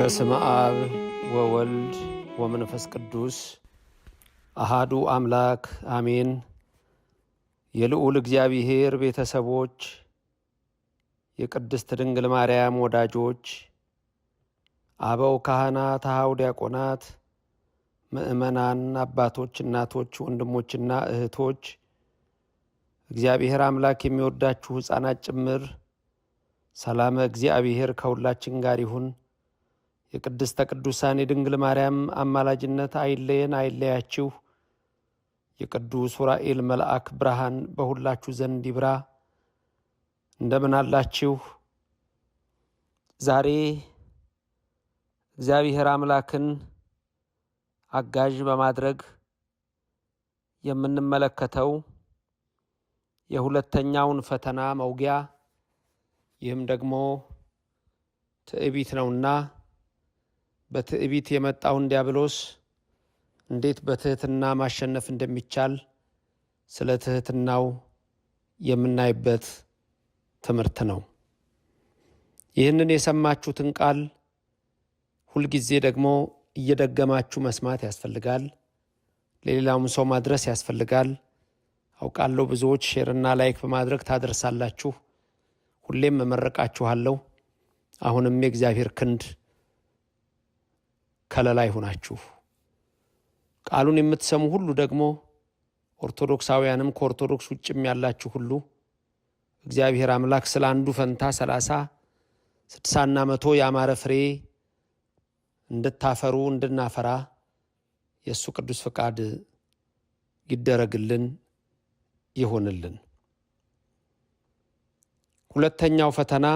በስመ አብ ወወልድ ወመንፈስ ቅዱስ አሃዱ አምላክ አሜን። የልዑል እግዚአብሔር ቤተሰቦች፣ የቅድስት ድንግል ማርያም ወዳጆች፣ አበው ካህናት፣ አኀው ዲያቆናት፣ ምእመናን፣ አባቶች፣ እናቶች፣ ወንድሞችና እህቶች እግዚአብሔር አምላክ የሚወዳችሁ ሕፃናት ጭምር ሰላመ እግዚአብሔር ከሁላችን ጋር ይሁን። የቅድስተ ቅዱሳን የድንግል ማርያም አማላጅነት አይለየን፣ አይለያችሁ። የቅዱስ ዑራኤል መልአክ ብርሃን በሁላችሁ ዘንድ ይብራ። እንደምን አላችሁ? ዛሬ እግዚአብሔር አምላክን አጋዥ በማድረግ የምንመለከተው የሁለተኛውን ፈተና መውጊያ ይህም ደግሞ ትዕቢት ነውና በትዕቢት የመጣውን ዲያብሎስ እንዴት በትሕትና ማሸነፍ እንደሚቻል ስለ ትሕትናው የምናይበት ትምህርት ነው። ይህንን የሰማችሁትን ቃል ሁልጊዜ ደግሞ እየደገማችሁ መስማት ያስፈልጋል። ለሌላውም ሰው ማድረስ ያስፈልጋል። አውቃለሁ ብዙዎች ሼርና ላይክ በማድረግ ታደርሳላችሁ። ሁሌም እመረቃችኋለሁ። አሁንም የእግዚአብሔር ክንድ ከለላ ይሁናችሁ። ቃሉን የምትሰሙ ሁሉ ደግሞ ኦርቶዶክሳውያንም ከኦርቶዶክስ ውጭም ያላችሁ ሁሉ እግዚአብሔር አምላክ ስለ አንዱ ፈንታ ሰላሳ ስድሳና መቶ የአማረ ፍሬ እንድታፈሩ እንድናፈራ የእሱ ቅዱስ ፈቃድ ይደረግልን ይሆንልን። ሁለተኛው ፈተና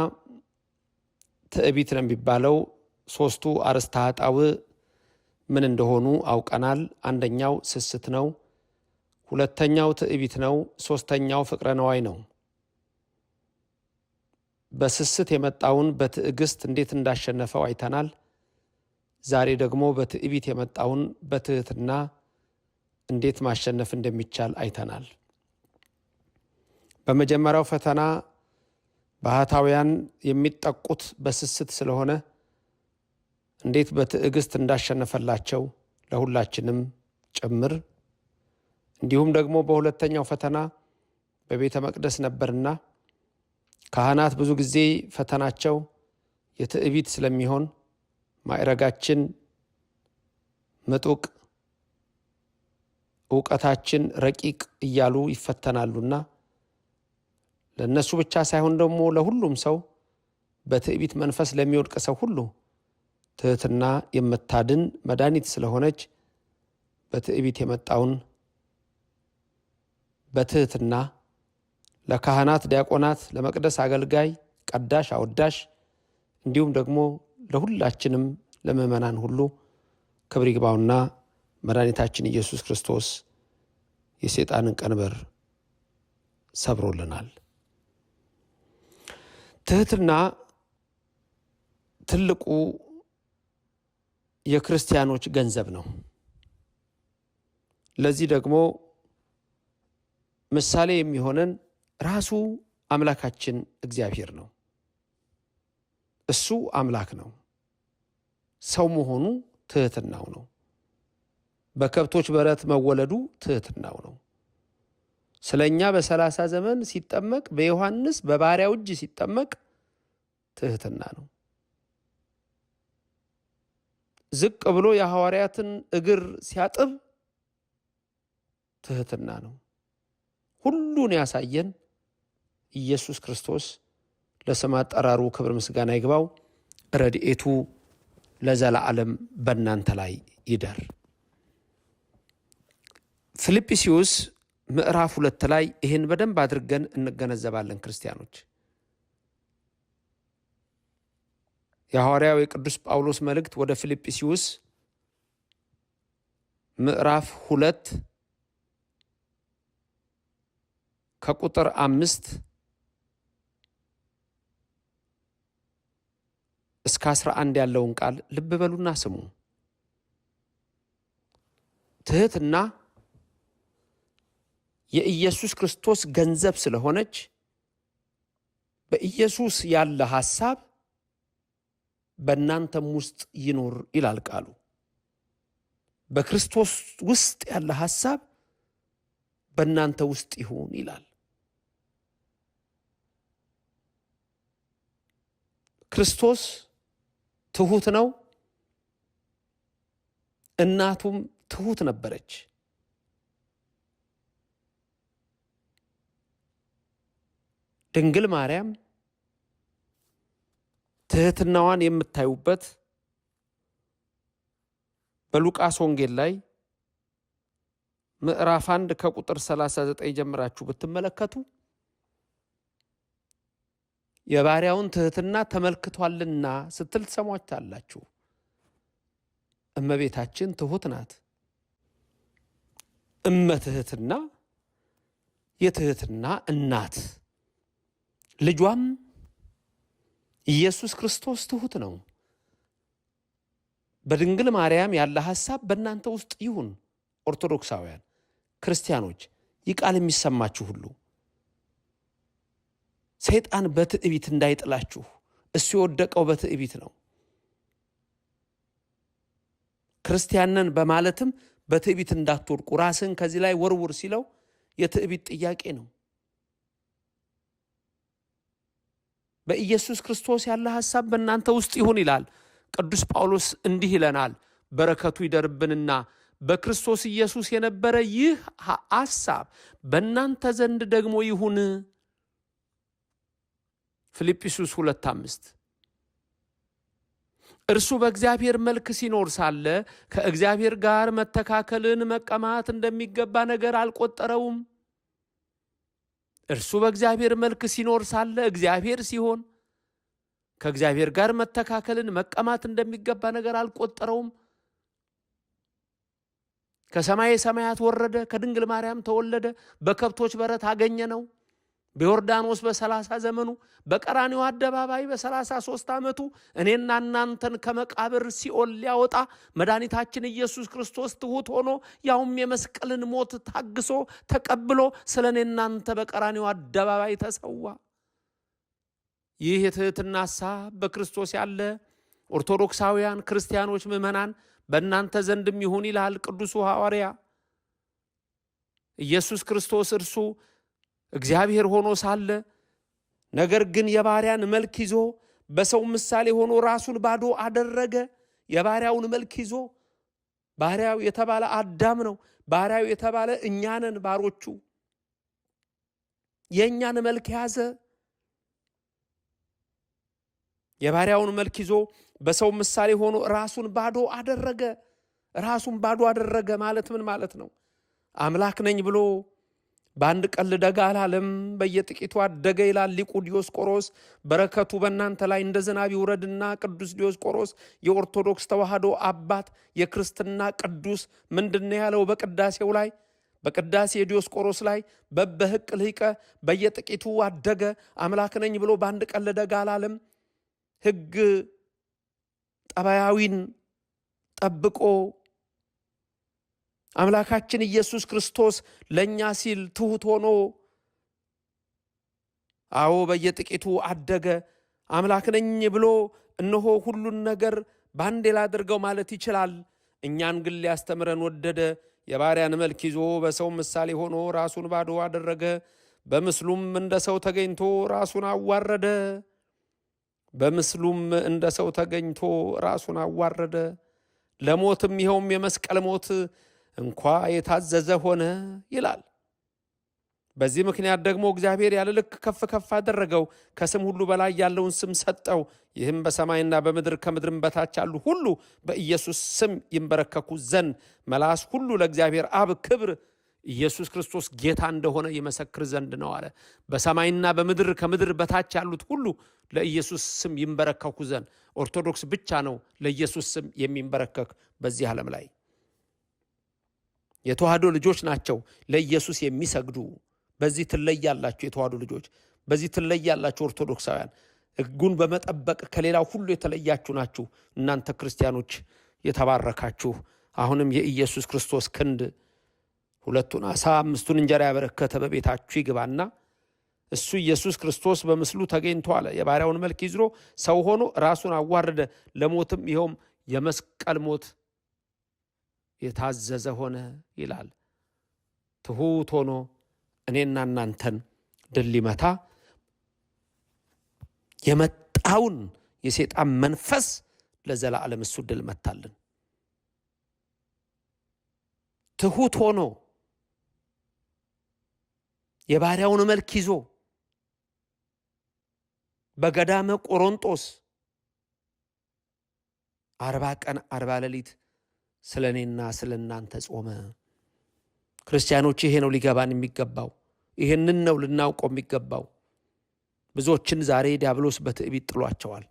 ትዕቢት ነው የሚባለው። ሶስቱ አርእስተ ኃጣውእ ምን እንደሆኑ አውቀናል። አንደኛው ስስት ነው፣ ሁለተኛው ትዕቢት ነው፣ ሦስተኛው ፍቅረ ነዋይ ነው። በስስት የመጣውን በትዕግስት እንዴት እንዳሸነፈው አይተናል። ዛሬ ደግሞ በትዕቢት የመጣውን በትህትና እንዴት ማሸነፍ እንደሚቻል አይተናል። በመጀመሪያው ፈተና ባህታውያን የሚጠቁት በስስት ስለሆነ እንዴት በትዕግስት እንዳሸነፈላቸው ለሁላችንም ጭምር እንዲሁም ደግሞ በሁለተኛው ፈተና በቤተ መቅደስ ነበርና ካህናት ብዙ ጊዜ ፈተናቸው የትዕቢት ስለሚሆን ማዕረጋችን ምጡቅ እውቀታችን ረቂቅ እያሉ ይፈተናሉና ለእነሱ ብቻ ሳይሆን ደግሞ ለሁሉም ሰው በትዕቢት መንፈስ ለሚወድቅ ሰው ሁሉ ትሕትና የምታድን መድኃኒት ስለሆነች በትዕቢት የመጣውን በትሕትና ለካህናት፣ ዲያቆናት፣ ለመቅደስ አገልጋይ፣ ቀዳሽ፣ አወዳሽ እንዲሁም ደግሞ ለሁላችንም ለምእመናን ሁሉ ክብር ይግባውና መድኃኒታችን ኢየሱስ ክርስቶስ የሰይጣንን ቀንበር ሰብሮልናል። ትሕትና ትልቁ የክርስቲያኖች ገንዘብ ነው። ለዚህ ደግሞ ምሳሌ የሚሆነን ራሱ አምላካችን እግዚአብሔር ነው። እሱ አምላክ ነው። ሰው መሆኑ ትህትናው ነው። በከብቶች በረት መወለዱ ትህትናው ነው። ስለ እኛ በሰላሳ ዘመን ሲጠመቅ በዮሐንስ በባሪያው እጅ ሲጠመቅ ትህትና ነው። ዝቅ ብሎ የሐዋርያትን እግር ሲያጥብ ትህትና ነው። ሁሉን ያሳየን ኢየሱስ ክርስቶስ ለስም አጠራሩ ክብር ምስጋና ይግባው። ረድኤቱ ለዘላለም በእናንተ ላይ ይደር። ፊልጵስዩስ ምዕራፍ ሁለት ላይ ይህን በደንብ አድርገን እንገነዘባለን ክርስቲያኖች። የሐዋርያው የቅዱስ ጳውሎስ መልእክት ወደ ፊልጵስዩስ ምዕራፍ ሁለት ከቁጥር አምስት እስከ አስራ አንድ ያለውን ቃል ልብ በሉና ስሙ። ትህትና የኢየሱስ ክርስቶስ ገንዘብ ስለሆነች በኢየሱስ ያለ ሐሳብ በእናንተም ውስጥ ይኑር ይላል ቃሉ። በክርስቶስ ውስጥ ያለ ሐሳብ በእናንተ ውስጥ ይሁን ይላል። ክርስቶስ ትሑት ነው። እናቱም ትሑት ነበረች። ድንግል ማርያም ትህትናዋን የምታዩበት በሉቃስ ወንጌል ላይ ምዕራፍ አንድ ከቁጥር 39 ጀምራችሁ ብትመለከቱ የባሪያውን ትህትና ተመልክቷልና ስትል ትሰሟታላችሁ። እመቤታችን ትሁት ናት። እመ ትህትና የትህትና እናት ልጇም ኢየሱስ ክርስቶስ ትሑት ነው። በድንግል ማርያም ያለ ሐሳብ በእናንተ ውስጥ ይሁን። ኦርቶዶክሳውያን ክርስቲያኖች፣ ይህ ቃል የሚሰማችሁ ሁሉ ሰይጣን በትዕቢት እንዳይጥላችሁ። እሱ የወደቀው በትዕቢት ነው። ክርስቲያንን በማለትም በትዕቢት እንዳትወድቁ ራስን ከዚህ ላይ ወርውር ሲለው የትዕቢት ጥያቄ ነው። በኢየሱስ ክርስቶስ ያለ ሐሳብ በእናንተ ውስጥ ይሁን ይላል። ቅዱስ ጳውሎስ እንዲህ ይለናል፣ በረከቱ ይደርብንና በክርስቶስ ኢየሱስ የነበረ ይህ ሐሳብ በእናንተ ዘንድ ደግሞ ይሁን። ፊልጵስዩስ ሁለት አምስት እርሱ በእግዚአብሔር መልክ ሲኖር ሳለ ከእግዚአብሔር ጋር መተካከልን መቀማት እንደሚገባ ነገር አልቆጠረውም። እርሱ በእግዚአብሔር መልክ ሲኖር ሳለ እግዚአብሔር ሲሆን ከእግዚአብሔር ጋር መተካከልን መቀማት እንደሚገባ ነገር አልቆጠረውም። ከሰማይ ሰማያት ወረደ፣ ከድንግል ማርያም ተወለደ፣ በከብቶች በረት አገኘ ነው። በዮርዳኖስ በሰላሳ ዘመኑ በቀራኒው አደባባይ በሰላሳ ሶስት ዓመቱ እኔና እናንተን ከመቃብር ሲኦል ሊያወጣ መድኃኒታችን ኢየሱስ ክርስቶስ ትሑት ሆኖ ያውም የመስቀልን ሞት ታግሶ ተቀብሎ ስለ እኔ እናንተ በቀራኒው አደባባይ ተሰዋ። ይህ የትህትና ሐሳብ በክርስቶስ ያለ ኦርቶዶክሳውያን ክርስቲያኖች ምዕመናን በእናንተ ዘንድም ይሁን ይላል ቅዱሱ ሐዋርያ ኢየሱስ ክርስቶስ እርሱ እግዚአብሔር ሆኖ ሳለ ነገር ግን የባሪያን መልክ ይዞ በሰው ምሳሌ ሆኖ ራሱን ባዶ አደረገ። የባሪያውን መልክ ይዞ ባሪያው የተባለ አዳም ነው። ባሪያው የተባለ እኛንን ባሮቹ የእኛን መልክ የያዘ የባሪያውን መልክ ይዞ በሰው ምሳሌ ሆኖ ራሱን ባዶ አደረገ። ራሱን ባዶ አደረገ ማለት ምን ማለት ነው? አምላክ ነኝ ብሎ በአንድ ቀልደጋ አላለም፣ በየጥቂቱ አደገ ይላል ሊቁ ዲዮስቆሮስ። በረከቱ በእናንተ ላይ እንደ ዝናብ ይውረድና ቅዱስ ዲዮስቆሮስ የኦርቶዶክስ ተዋህዶ አባት የክርስትና ቅዱስ ምንድን ያለው በቅዳሴው ላይ በቅዳሴ ዲዮስቆሮስ ላይ በበህቅ ልሂቀ በየጥቂቱ አደገ አምላክ ነኝ ብሎ በአንድ ቀለደጋ አላለም። ህግ ጠባያዊን ጠብቆ አምላካችን ኢየሱስ ክርስቶስ ለእኛ ሲል ትሑት ሆኖ አዎ በየጥቂቱ አደገ። አምላክ ነኝ ብሎ እነሆ ሁሉን ነገር ባንዴ ላድርገው ማለት ይችላል። እኛን ግን ሊያስተምረን ወደደ። የባሪያን መልክ ይዞ በሰው ምሳሌ ሆኖ ራሱን ባዶ አደረገ። በምስሉም እንደ ሰው ተገኝቶ ራሱን አዋረደ። በምስሉም እንደ ሰው ተገኝቶ ራሱን አዋረደ። ለሞትም ይኸውም የመስቀል ሞት እንኳ የታዘዘ ሆነ ይላል። በዚህ ምክንያት ደግሞ እግዚአብሔር ያለ ልክ ከፍ ከፍ አደረገው፣ ከስም ሁሉ በላይ ያለውን ስም ሰጠው። ይህም በሰማይና በምድር ከምድርም በታች ያሉ ሁሉ በኢየሱስ ስም ይንበረከኩ ዘንድ መላስ ሁሉ ለእግዚአብሔር አብ ክብር ኢየሱስ ክርስቶስ ጌታ እንደሆነ ይመሰክር ዘንድ ነው አለ። በሰማይና በምድር ከምድር በታች ያሉት ሁሉ ለኢየሱስ ስም ይንበረከኩ ዘንድ። ኦርቶዶክስ ብቻ ነው ለኢየሱስ ስም የሚንበረከክ በዚህ ዓለም ላይ። የተዋህዶ ልጆች ናቸው ለኢየሱስ የሚሰግዱ። በዚህ ትለያላችሁ የተዋህዶ ልጆች፣ በዚህ ትለያላችሁ ኦርቶዶክሳውያን። ሕጉን በመጠበቅ ከሌላው ሁሉ የተለያችሁ ናችሁ እናንተ ክርስቲያኖች የተባረካችሁ። አሁንም የኢየሱስ ክርስቶስ ክንድ ሁለቱን አሳ አምስቱን እንጀራ ያበረከተ በቤታችሁ ይግባና እሱ ኢየሱስ ክርስቶስ በምስሉ ተገኝቶ አለ የባሪያውን መልክ ይዝሮ ሰው ሆኖ ራሱን አዋረደ፣ ለሞትም ይኸውም የመስቀል ሞት የታዘዘ ሆነ ይላል። ትሁት ሆኖ እኔና እናንተን ድል ሊመታ የመጣውን የሴጣን መንፈስ ለዘላለም እሱ ድል መታልን። ትሁት ሆኖ የባሪያውን መልክ ይዞ በገዳመ ቆሮንጦስ አርባ ቀን አርባ ሌሊት ስለ እኔና ስለ እናንተ ጾመ። ክርስቲያኖች፣ ይሄ ነው ሊገባን የሚገባው። ይህንን ነው ልናውቀው የሚገባው። ብዙዎችን ዛሬ ዲያብሎስ በትዕቢት ጥሏቸዋል።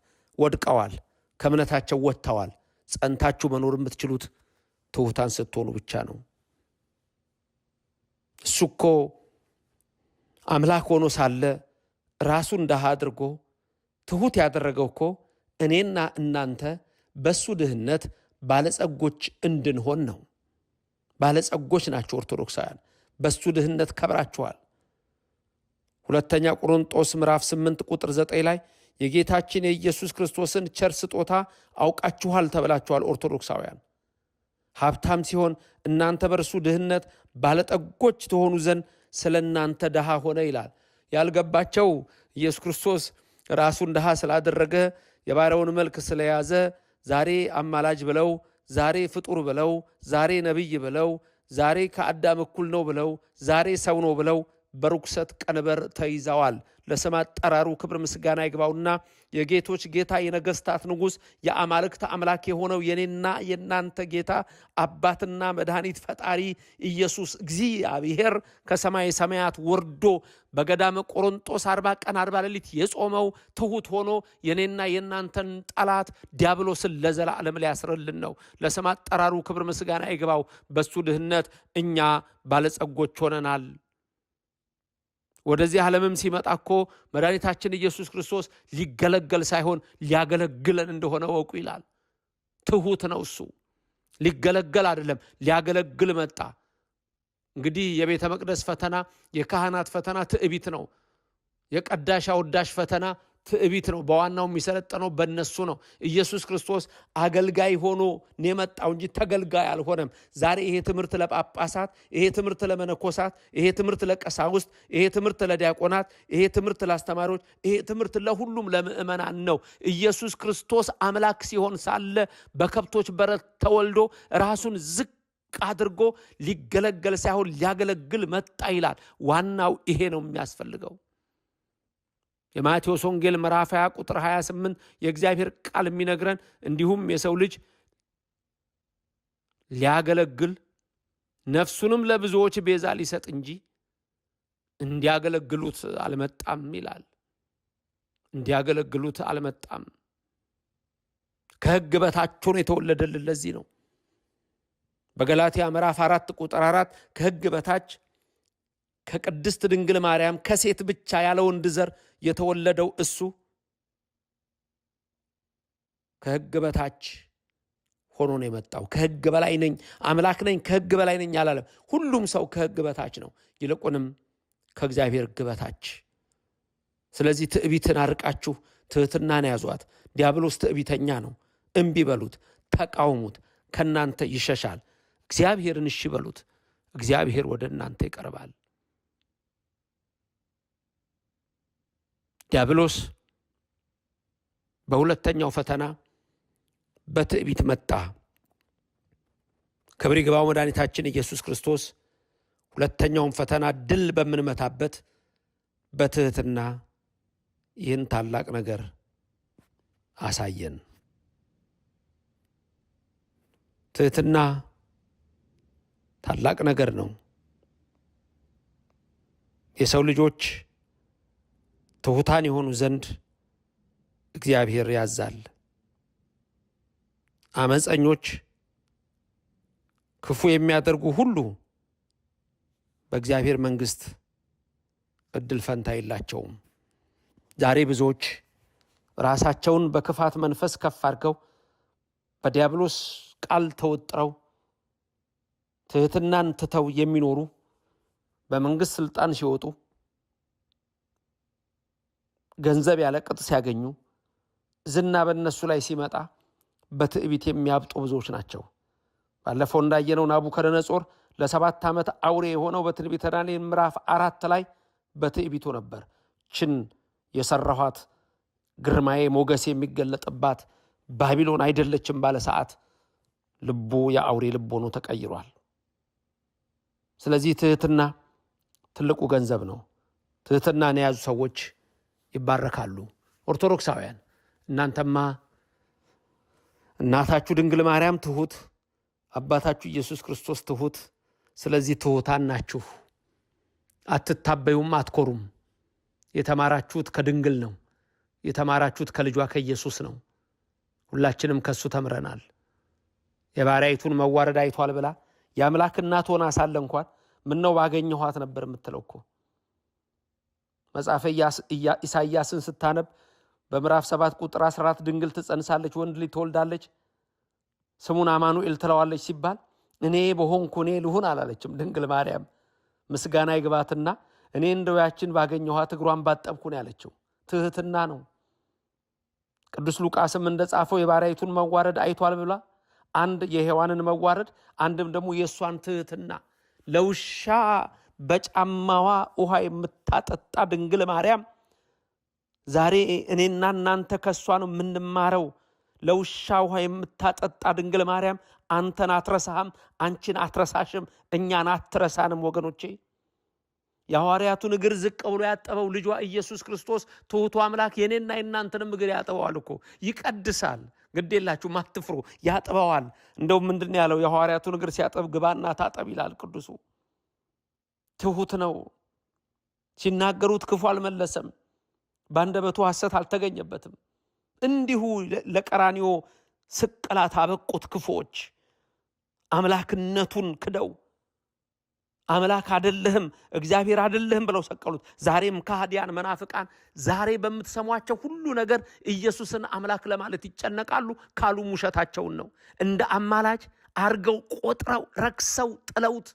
ወድቀዋል፣ ከእምነታቸው ወጥተዋል። ጸንታችሁ መኖር የምትችሉት ትሑታን ስትሆኑ ብቻ ነው። እሱ እኮ አምላክ ሆኖ ሳለ ራሱን ድሃ አድርጎ ትሑት ያደረገው እኮ እኔና እናንተ በሱ ድህነት ባለጸጎች እንድንሆን ነው። ባለጸጎች ናቸው ኦርቶዶክሳውያን። በሱ ድህነት ከብራችኋል። ሁለተኛ ቆሮንጦስ ምዕራፍ 8 ቁጥር 9 ላይ የጌታችን የኢየሱስ ክርስቶስን ቸር ስጦታ አውቃችኋል ተብላችኋል ኦርቶዶክሳውያን። ሀብታም ሲሆን እናንተ በእርሱ ድህነት ባለጠጎች ትሆኑ ዘንድ ስለ እናንተ ድሃ ሆነ ይላል። ያልገባቸው ኢየሱስ ክርስቶስ ራሱን ድሃ ስላደረገ የባሪያውን መልክ ስለያዘ ዛሬ አማላጅ ብለው፣ ዛሬ ፍጡር ብለው፣ ዛሬ ነቢይ ብለው፣ ዛሬ ከአዳም እኩል ነው ብለው፣ ዛሬ ሰው ነው ብለው በርኩሰት ቀንበር ተይዘዋል። ለስም አጠራሩ ክብር ምስጋና ይግባውና የጌቶች ጌታ የነገስታት ንጉስ የአማልክት አምላክ የሆነው የኔና የእናንተ ጌታ አባትና መድኃኒት ፈጣሪ ኢየሱስ እግዚአብሔር ከሰማይ ሰማያት ወርዶ በገዳመ ቆሮንጦስ አርባ ቀን አርባ ሌሊት የጾመው ትሁት ሆኖ የኔና የእናንተን ጠላት ዲያብሎስን ለዘላለም ሊያስርልን ነው። ለስም አጠራሩ ክብር ምስጋና ይግባው። በሱ ድህነት እኛ ባለጸጎች ሆነናል። ወደዚህ ዓለምም ሲመጣ እኮ መድኃኒታችን ኢየሱስ ክርስቶስ ሊገለገል ሳይሆን ሊያገለግለን እንደሆነ ወቁ ይላል። ትሑት ነው እሱ። ሊገለገል አይደለም ሊያገለግል መጣ። እንግዲህ የቤተ መቅደስ ፈተና፣ የካህናት ፈተና ትዕቢት ነው። የቀዳሽ አውዳሽ ፈተና ትዕቢት ነው። በዋናው የሚሰለጠነው በእነሱ ነው። ኢየሱስ ክርስቶስ አገልጋይ ሆኖ ነው የመጣው እንጂ ተገልጋይ አልሆነም። ዛሬ ይሄ ትምህርት ለጳጳሳት፣ ይሄ ትምህርት ለመነኮሳት፣ ይሄ ትምህርት ለቀሳውስት፣ ይሄ ትምህርት ለዲያቆናት፣ ይሄ ትምህርት ለአስተማሪዎች፣ ይሄ ትምህርት ለሁሉም ለምዕመናን ነው። ኢየሱስ ክርስቶስ አምላክ ሲሆን ሳለ በከብቶች በረት ተወልዶ ራሱን ዝቅ አድርጎ ሊገለገል ሳይሆን ሊያገለግል መጣ ይላል። ዋናው ይሄ ነው የሚያስፈልገው። የማቴዎስ ወንጌል ምዕራፍ 20 ቁጥር 28 የእግዚአብሔር ቃል የሚነግረን እንዲሁም የሰው ልጅ ሊያገለግል ነፍሱንም ለብዙዎች ቤዛ ሊሰጥ እንጂ እንዲያገለግሉት አልመጣም ይላል። እንዲያገለግሉት አልመጣም። ከሕግ በታች ሆኖ የተወለደልን ለዚህ ነው። በገላትያ ምዕራፍ አራት ቁጥር አራት ከሕግ በታች ከቅድስት ድንግል ማርያም ከሴት ብቻ ያለ ወንድ ዘር የተወለደው እሱ ከሕግ በታች ሆኖ ነው የመጣው። ከሕግ በላይ ነኝ አምላክ ነኝ ከሕግ በላይ ነኝ አላለም። ሁሉም ሰው ከሕግ በታች ነው፣ ይልቁንም ከእግዚአብሔር ሕግ በታች። ስለዚህ ትዕቢትን አርቃችሁ ትህትናን ያዟት። ዲያብሎስ ትዕቢተኛ ነው። እምቢ በሉት፣ ተቃውሙት፣ ከእናንተ ይሸሻል። እግዚአብሔርን እሺ በሉት፣ እግዚአብሔር ወደ እናንተ ይቀርባል። ዲያብሎስ በሁለተኛው ፈተና በትዕቢት መጣ። ክብር ይግባው መድኃኒታችን ኢየሱስ ክርስቶስ ሁለተኛውን ፈተና ድል በምንመታበት በትህትና ይህን ታላቅ ነገር አሳየን። ትህትና ታላቅ ነገር ነው። የሰው ልጆች ትሑታን የሆኑ ዘንድ እግዚአብሔር ያዛል። አመፀኞች፣ ክፉ የሚያደርጉ ሁሉ በእግዚአብሔር መንግስት እድል ፈንታ የላቸውም። ዛሬ ብዙዎች ራሳቸውን በክፋት መንፈስ ከፍ አድርገው በዲያብሎስ ቃል ተወጥረው ትህትናን ትተው የሚኖሩ በመንግስት ስልጣን ሲወጡ ገንዘብ ያለ ቅጥ ሲያገኙ፣ ዝና በነሱ ላይ ሲመጣ በትዕቢት የሚያብጡ ብዙዎች ናቸው። ባለፈው እንዳየነው ናቡከደነጾር ለሰባት ዓመት አውሬ የሆነው በትንቢተ ዳንኤል ምዕራፍ አራት ላይ በትዕቢቱ ነበር። ችን የሰራኋት ግርማዬ ሞገስ የሚገለጥባት ባቢሎን አይደለችም ባለ ሰዓት ልቡ የአውሬ ልብ ሆኖ ተቀይሯል። ስለዚህ ትህትና ትልቁ ገንዘብ ነው። ትህትናን የያዙ ሰዎች ይባረካሉ። ኦርቶዶክሳውያን እናንተማ እናታችሁ ድንግል ማርያም ትሁት፣ አባታችሁ ኢየሱስ ክርስቶስ ትሁት። ስለዚህ ትሁታን ናችሁ፣ አትታበዩም፣ አትኮሩም። የተማራችሁት ከድንግል ነው። የተማራችሁት ከልጇ ከኢየሱስ ነው። ሁላችንም ከሱ ተምረናል። የባሪያይቱን መዋረድ አይቷል ብላ የአምላክ እናት ሆና ሳለ እንኳን ምነው ባገኘኋት ነበር የምትለው እኮ መጽሐፈ ኢሳይያስን ስታነብ በምዕራፍ 7 ቁጥር 14 ድንግል ትጸንሳለች፣ ወንድ ልጅ ትወልዳለች፣ ስሙን አማኑኤል ትለዋለች ሲባል እኔ በሆንኩ እኔ ልሁን አላለችም። ድንግል ማርያም ምስጋና ይግባትና እኔ እንደውያችን ያችን ባገኘኋት እግሯን ባጠብኩ ነው ያለችው። ትህትና ነው። ቅዱስ ሉቃስም እንደ ጻፈው የባሪያይቱን መዋረድ አይቷል ብላ አንድ የሔዋንን መዋረድ፣ አንድም ደግሞ የእሷን ትህትና ለውሻ በጫማዋ ውሃ የምታጠጣ ድንግል ማርያም ዛሬ እኔና እናንተ ከእሷ ነው የምንማረው። ለውሻ ውሃ የምታጠጣ ድንግል ማርያም አንተን አትረሳህም፣ አንቺን አትረሳሽም፣ እኛን አትረሳንም። ወገኖቼ የሐዋርያቱን እግር ዝቅ ብሎ ያጠበው ልጇ ኢየሱስ ክርስቶስ ትሑቱ አምላክ የኔና የእናንተንም እግር ያጥበዋል እኮ ይቀድሳል። ግዴላችሁም አትፍሩ፣ ያጥበዋል። እንደውም ምንድን ያለው የሐዋርያቱን እግር ሲያጠብ ግባና ታጠብ ይላል ቅዱሱ ትሁት ነው። ሲናገሩት ክፉ አልመለሰም፣ በአንደበቱ ሐሰት አልተገኘበትም። እንዲሁ ለቀራኒዮ ስቅላት አበቁት ክፉዎች አምላክነቱን ክደው አምላክ አደለህም እግዚአብሔር አደለህም ብለው ሰቀሉት። ዛሬም ካህዲያን መናፍቃን ዛሬ በምትሰሟቸው ሁሉ ነገር ኢየሱስን አምላክ ለማለት ይጨነቃሉ ካሉ ውሸታቸውን ነው። እንደ አማላጅ አርገው ቆጥረው ረክሰው ጥለውት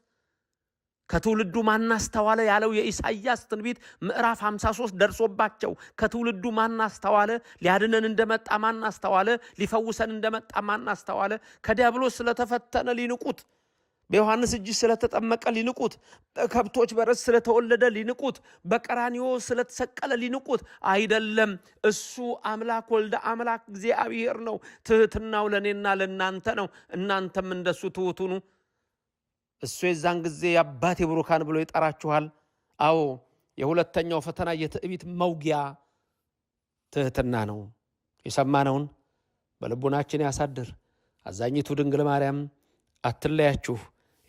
ከትውልዱ ማናስተዋለ ያለው የኢሳያስ ትንቢት ምዕራፍ 53 ደርሶባቸው ከትውልዱ ማናስተዋለ ሊያድነን እንደመጣ ማናስተዋለ ሊፈውሰን እንደመጣ ማናስተዋለ ከዲያብሎስ ስለተፈተነ ሊንቁት በዮሐንስ እጅ ስለተጠመቀ ሊንቁት፣ በከብቶች በረስ ስለተወለደ ሊንቁት፣ በቀራኒዮ ስለተሰቀለ ሊንቁት። አይደለም እሱ አምላክ ወልደ አምላክ እግዚአብሔር ነው። ትህትናው ለእኔና ለእናንተ ነው። እናንተም እንደሱ ትሑት ሁኑ። እሱ የዛን ጊዜ የአባቴ ብሩካን ብሎ ይጠራችኋል። አዎ የሁለተኛው ፈተና የትዕቢት መውጊያ ትህትና ነው። የሰማነውን በልቡናችን ያሳድር። አዛኝቱ ድንግል ማርያም አትለያችሁ።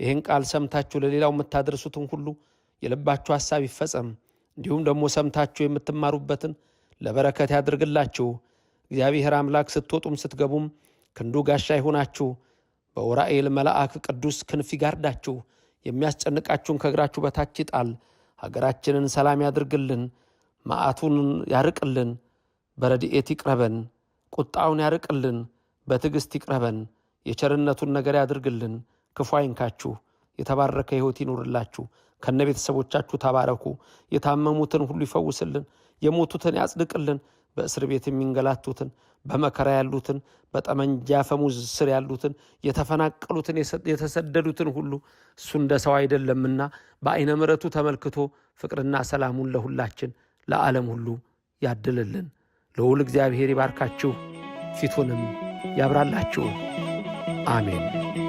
ይህን ቃል ሰምታችሁ ለሌላው የምታደርሱትን ሁሉ የልባችሁ ሐሳብ ይፈጸም። እንዲሁም ደግሞ ሰምታችሁ የምትማሩበትን ለበረከት ያድርግላችሁ። እግዚአብሔር አምላክ ስትወጡም ስትገቡም ክንዱ ጋሻ ይሁናችሁ። በኡራኤል መልአክ ቅዱስ ክንፍ ይጋርዳችሁ፣ የሚያስጨንቃችሁን ከእግራችሁ በታች ይጣል። ሀገራችንን ሰላም ያድርግልን፣ መዓቱን ያርቅልን፣ በረድኤት ይቅረበን፣ ቁጣውን ያርቅልን፣ በትዕግሥት ይቅረበን፣ የቸርነቱን ነገር ያድርግልን፣ ክፉ አይንካችሁ፣ የተባረከ ሕይወት ይኑርላችሁ፣ ከነ ቤተሰቦቻችሁ ተባረኩ፣ የታመሙትን ሁሉ ይፈውስልን፣ የሞቱትን ያጽድቅልን በእስር ቤት የሚንገላቱትን፣ በመከራ ያሉትን፣ በጠመንጃ ፈሙዝ ስር ያሉትን፣ የተፈናቀሉትን፣ የተሰደዱትን ሁሉ እሱ እንደ ሰው አይደለምና በአይነ ምረቱ ተመልክቶ ፍቅርና ሰላሙን ለሁላችን ለዓለም ሁሉ ያድልልን። ልዑል እግዚአብሔር ይባርካችሁ፣ ፊቱንም ያብራላችሁ። አሜን።